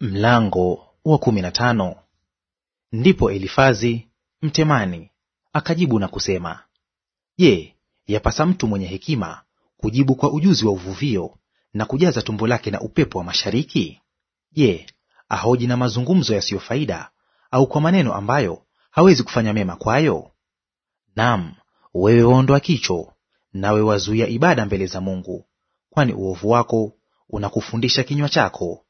Mlango wa kumi na tano. Ndipo Elifazi Mtemani akajibu na kusema, Je, yapasa mtu mwenye hekima kujibu kwa ujuzi wa uvuvio na kujaza tumbo lake na upepo wa mashariki? Je, ahoji na mazungumzo yasiyo faida au kwa maneno ambayo hawezi kufanya mema kwayo? Naam, wewe waondoa kicho, nawe wazuia ibada mbele za Mungu, kwani uovu wako unakufundisha kinywa chako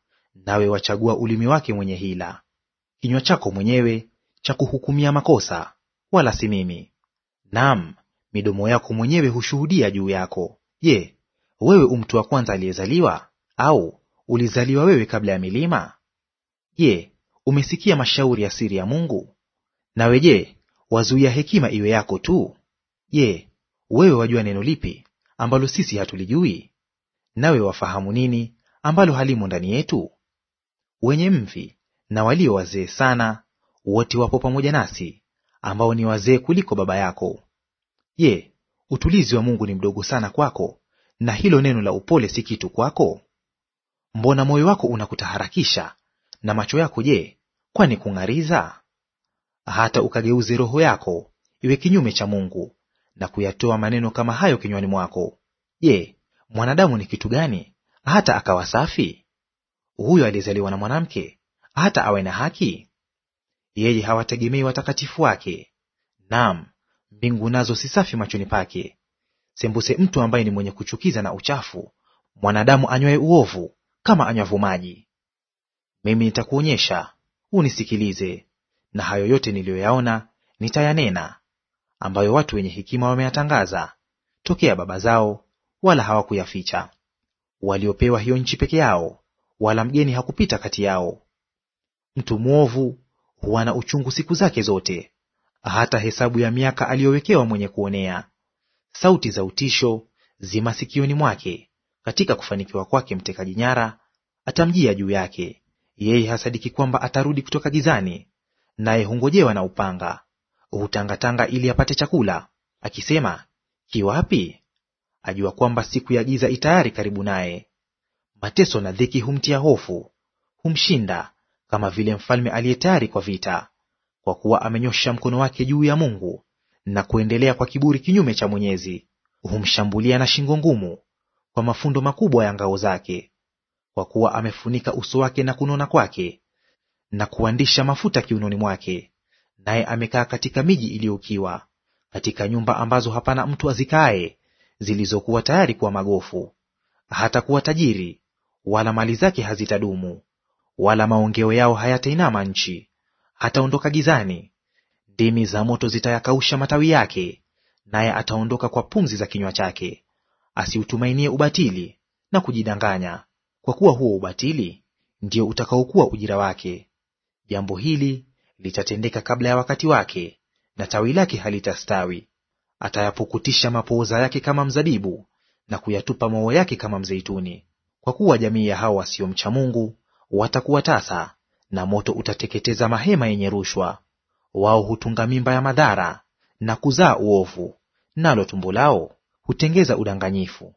nawe wachagua ulimi wake mwenye hila, kinywa chako mwenyewe cha kuhukumia makosa, wala si mimi. Naam, midomo yako mwenyewe hushuhudia juu yako. Je, wewe umtu wa kwanza aliyezaliwa, au ulizaliwa wewe kabla ya milima? Je, umesikia mashauri ya siri ya Mungu? Nawe je, wazuia hekima iwe yako tu? Je, wewe wajua neno lipi ambalo sisi hatulijui? Nawe wafahamu nini ambalo halimo ndani yetu? wenye mvi na walio wazee sana, wote wapo pamoja nasi, ambao ni wazee kuliko baba yako. Je, utulizi wa Mungu ni mdogo sana kwako, na hilo neno la upole si kitu kwako? Mbona moyo wako unakutaharakisha, na macho yako je, kwani kung'ariza? Hata ukageuze roho yako iwe kinyume cha Mungu, na kuyatoa maneno kama hayo kinywani mwako. Je, mwanadamu ni kitu gani, hata akawa safi? huyo aliyezaliwa na mwanamke, hata awe na haki? Yeye hawategemei watakatifu wake, naam, mbingu nazo si safi machoni pake. Sembuse mtu ambaye ni mwenye kuchukiza na uchafu, mwanadamu anywaye uovu kama anywavu maji. Mimi nitakuonyesha, unisikilize; na hayo yote niliyoyaona nitayanena, ambayo watu wenye hekima wameyatangaza tokea baba zao, wala hawakuyaficha; waliopewa hiyo nchi peke yao wala mgeni hakupita kati yao. Mtu mwovu huwa na uchungu siku zake zote, hata hesabu ya miaka aliyowekewa mwenye kuonea. Sauti za utisho zi masikioni mwake; katika kufanikiwa kwake mtekaji nyara atamjia juu yake. Yeye hasadiki kwamba atarudi kutoka gizani, naye hungojewa na upanga. Hutangatanga ili apate chakula, akisema kiwapi? Ajua kwamba siku ya giza itayari karibu naye. Mateso na dhiki humtia hofu, humshinda kama vile mfalme aliye tayari kwa vita, kwa kuwa amenyosha mkono wake juu ya Mungu na kuendelea kwa kiburi kinyume cha Mwenyezi. Humshambulia na shingo ngumu kwa mafundo makubwa ya ngao zake. Kwa kuwa amefunika uso wake na kunona kwake, na kuandisha mafuta kiunoni mwake, naye amekaa katika miji iliyoukiwa, katika nyumba ambazo hapana mtu azikaye zilizokuwa tayari kuwa magofu. Hatakuwa tajiri wala mali zake hazitadumu, wala maongeo yao hayatainama nchi. Ataondoka gizani, ndimi za moto zitayakausha matawi yake, naye ataondoka kwa pumzi za kinywa chake. Asiutumainie ubatili na kujidanganya, kwa kuwa huo ubatili ndio utakaokuwa ujira wake. Jambo hili litatendeka kabla ya wakati wake, na tawi lake halitastawi. Atayapukutisha mapooza yake kama mzabibu, na kuyatupa maua yake kama mzeituni. Kwa kuwa jamii ya hao wasiomcha Mungu watakuwa tasa, na moto utateketeza mahema yenye rushwa. Wao hutunga mimba ya madhara na kuzaa uovu, nalo tumbo lao hutengeza udanganyifu.